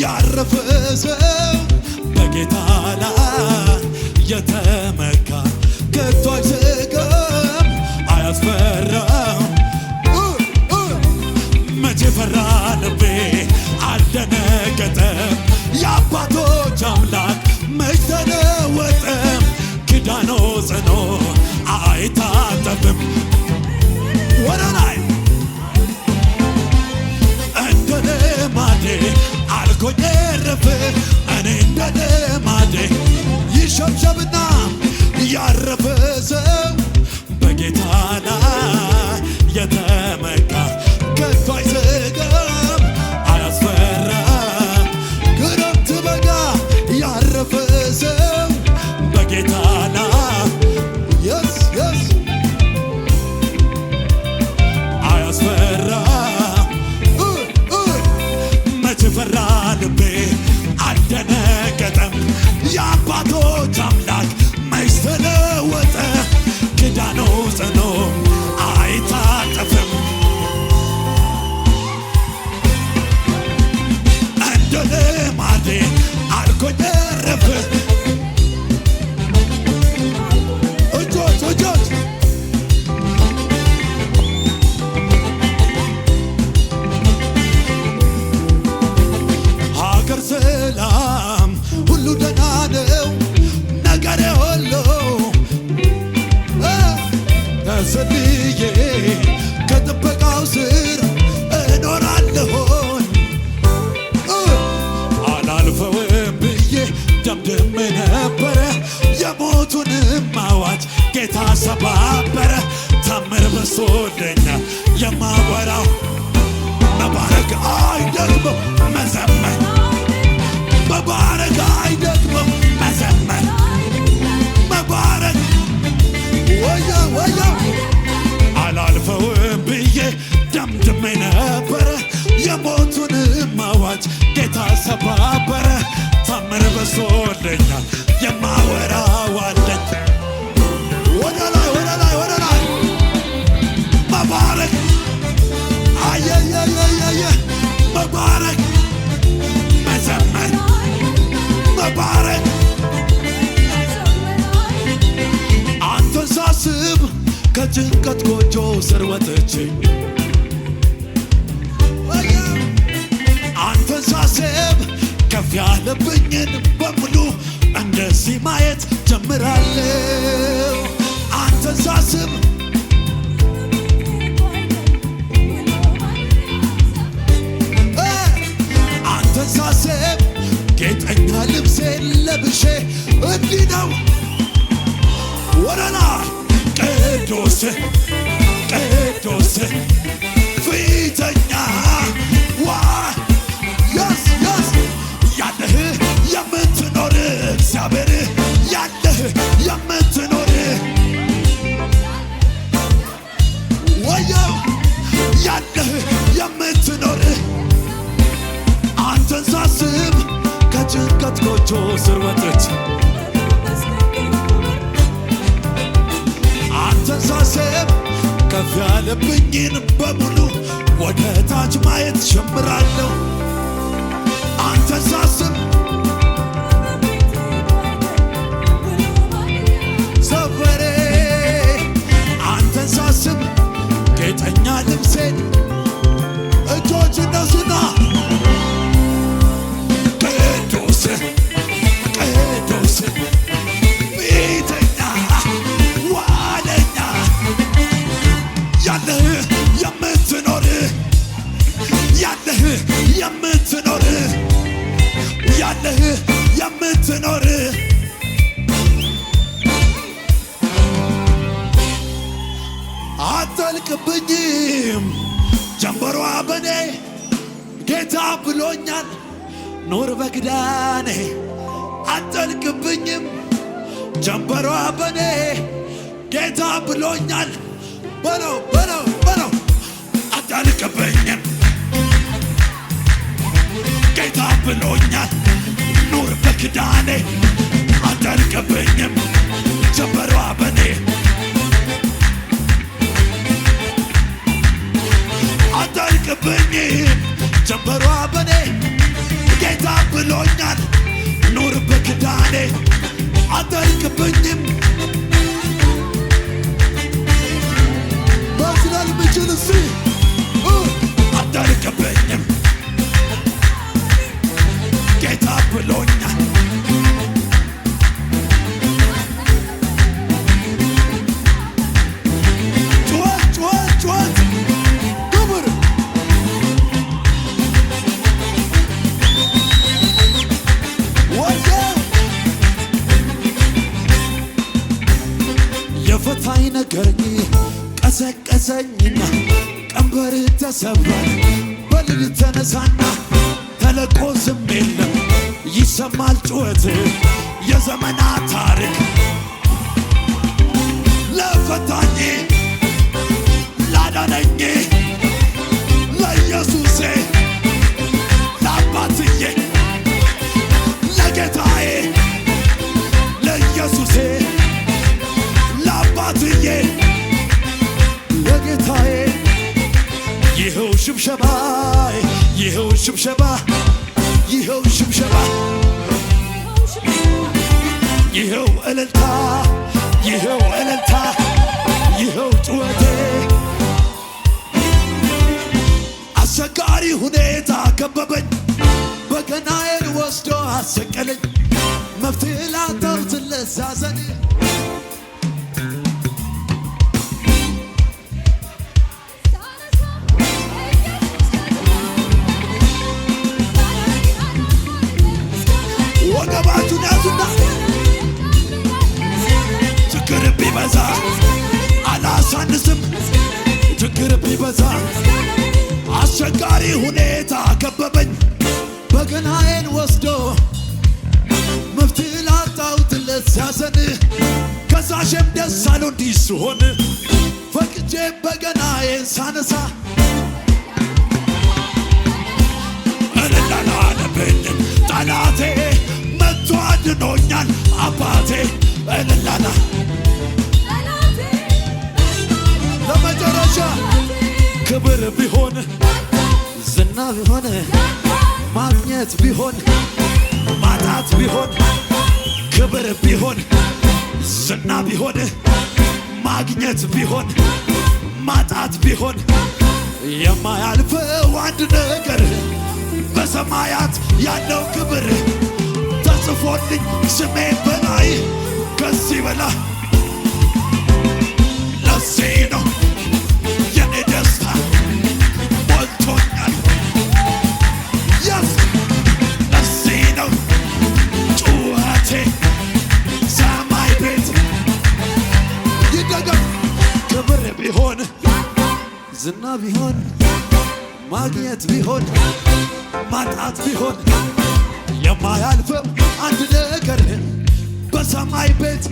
ያረፈ ሰው በጌታ ላይ የተመካ ከቶ አይሰጋም፣ አያስፈራም። መቼ ፈራ ልቤ አልደነገጠም። የአባቶች አምላክ መች ተለወጠም። ኪዳኖ ጽኖ አይታጠብም ወደ ላይ እንደ ልማዴ አድርጎኝ እርፍ እኔ እንደ ልማዴ ይሸብሸብና ያረፈ ሰው በጌታ ላይ sword ከጭንቀት ጎጆ ስር ወጥቼ አንተን ሳስብ ከፍ ያለብኝን በሙሉ እንደዚህ ማየት ጀምራለሁ። አንተን ሳስብ አንተን ሳስብ ጌጠኛ ልብሴ ለብሼ እንዲህ ነው ወረና ቅዱስ ቅዱስ ፊተኛ ዋ የስ የስ ያለህ የምትኖር እግዚአብሔር ያለህ የምትኖር ወየ ያለህ የምትኖር አንተን ሳስብ ከጭንቀት ጎጆ ስር ወጥቼ ከፍ ያለብኝን በሙሉ ወደ ታች ማየት ጀምራለሁ አንተ አይወድቅብኝም ጀንበሯ በኔ ጌታ ብሎኛል። ኑር በክዳኔ አጠልቅብኝም ጀንበሯ በኔ ጌታ ብሎኛል። በለው በለው በለው አጠልቅብኝም ጌታ ብሎኛል። ኑር በክዳኔ አጠልቅብኝም ጀንበሯ በኔ አያልቅብኝ ጀመሯ በኔ ጌታ ብሎኛል ኑር በክዳኔ አታልቅብኝም ማዝናል ምችል እሱ ነገርኝ ቀሰቀሰኝና ቀንበር ተሰብሯል። በልል ተነሳና ተለቆ ስም የለም ይሰማል ጩኸት የዘመናት ታሪክ ለፈታኝ ላዳነኝ ሽብሸባ ይኸው ሽብሸባ ይኸው ሽብሸባ ይኸው እልልታ ይኸው እልልታ ይኸው ጩኸቴ አስቸጋሪ ሁኔታ ከበበኝ በገናዬን ወስዶ አሰቀለኝ ሲበዛ አስቸጋሪ ሁኔታ ከበበኝ በገናዬን ወስዶ መፍትሄ ላጣሁትለት ሲያዘን ከዛሽም ደስ አለው እንዲህ ስሆን ፈቅጄ በገናዬን ሳነሳ እልላላለብንም ጠላቴ መጥቶ አድኖኛል አባቴ እልላላ ለመጨረሻ ክብር ቢሆን ዝና ቢሆን ማግኘት ቢሆን ማጣት ቢሆን ክብር ቢሆን ዝና ቢሆን ማግኘት ቢሆን ማጣት ቢሆን የማያልፈው አንድ ነገር በሰማያት ያለው ክብር ተጽፎልኝ ስሜ በላይ ከዚህ በላ ለዚህ ዝና ቢሆን ማግኘት ቢሆን ማጣት ቢሆን የማያልፈው አንድ ነገር በሰማይ ቤት